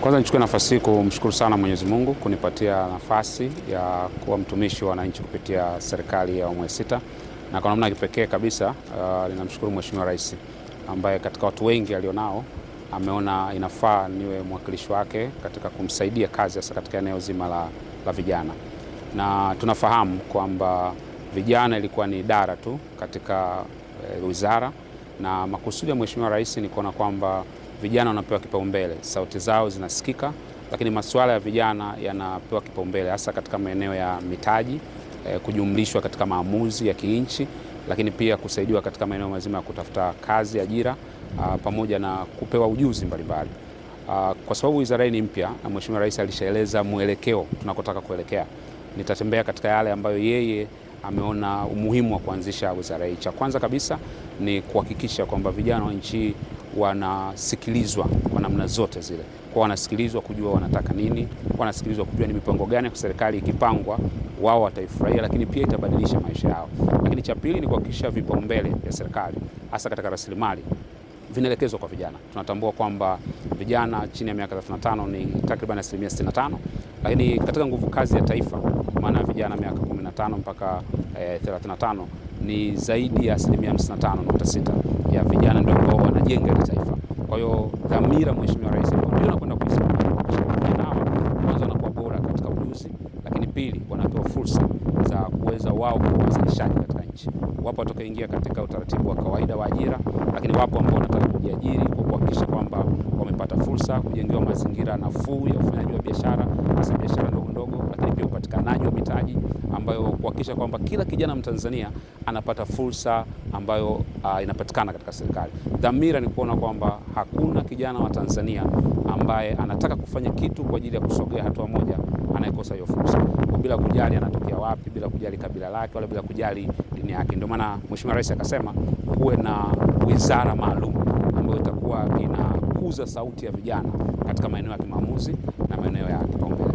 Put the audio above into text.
Kwanza nichukue nafasi hii kumshukuru sana Mwenyezi Mungu kunipatia nafasi ya kuwa mtumishi wa wananchi kupitia serikali ya awamu ya sita, na kwa namna kipekee kabisa uh, mweshimiwa Mheshimiwa Rais ambaye katika watu wengi alionao ameona inafaa niwe mwakilishi wake katika kumsaidia kazi hasa katika eneo zima la, la vijana, na tunafahamu kwamba vijana ilikuwa ni idara tu katika eh, wizara e, na makusudi ya Mheshimiwa Rais ni kuona kwamba vijana wanapewa kipaumbele, sauti zao zinasikika, lakini masuala ya vijana yanapewa kipaumbele hasa katika maeneo ya mitaji eh, kujumlishwa katika maamuzi ya kinchi, lakini pia kusaidiwa katika maeneo mazima ya kutafuta kazi, ajira ah, pamoja na kupewa ujuzi mbalimbali ah, kwa sababu wizara hii ni mpya na Mheshimiwa Rais alishaeleza mwelekeo tunakotaka kuelekea. Nitatembea katika yale ambayo yeye ameona umuhimu wa kuanzisha wizara hii. Cha kwanza kabisa ni kuhakikisha kwamba vijana wa nchi wanasikilizwa kwa namna zote zile, kwa wanasikilizwa kujua wanataka nini, wanasikilizwa kujua ni mipango gani kwa serikali ikipangwa wao wataifurahia, lakini pia itabadilisha maisha yao. Lakini cha pili ni kuhakikisha vipaumbele vya serikali hasa katika rasilimali vinaelekezwa kwa vijana. Tunatambua kwamba vijana chini ya miaka 35 ni takriban asilimia 65 lakini katika nguvu kazi ya taifa, maana vijana miaka 15 mpaka eh, 35 ni zaidi ya asilimia 55.6 ya vijana ndio ambao wanajenga ile taifa. Kwa hiyo dhamira, Mheshimiwa Rais, kwenda kwanza wanakuwa bora katika ujuzi, lakini pili wanapewa fursa za kuweza wao kuwa wazalishaji katika wananchi. Wapo watakaoingia katika utaratibu wa kawaida wa ajira, lakini wapo ambao wanataka kujiajiri kwa kuhakikisha kwamba wamepata fursa, kujengewa mazingira nafuu ya ufanyaji wa biashara, hasa biashara ndogo ndogo upatikanaji wa mitaji ambayo kuhakikisha kwamba kila kijana Mtanzania anapata fursa ambayo uh, inapatikana katika serikali. Dhamira ni kuona kwamba hakuna kijana wa Tanzania ambaye anataka kufanya kitu kwa ajili ya kusogea hatua moja anayekosa hiyo fursa, bila kujali anatokea wapi, bila kujali kabila lake, wala bila kujali dini yake. Ndio maana Mheshimiwa Rais akasema kuwe na wizara maalum ambayo itakuwa inakuza sauti ya vijana katika maeneo ya kimaamuzi na maeneo ya kipaumbele.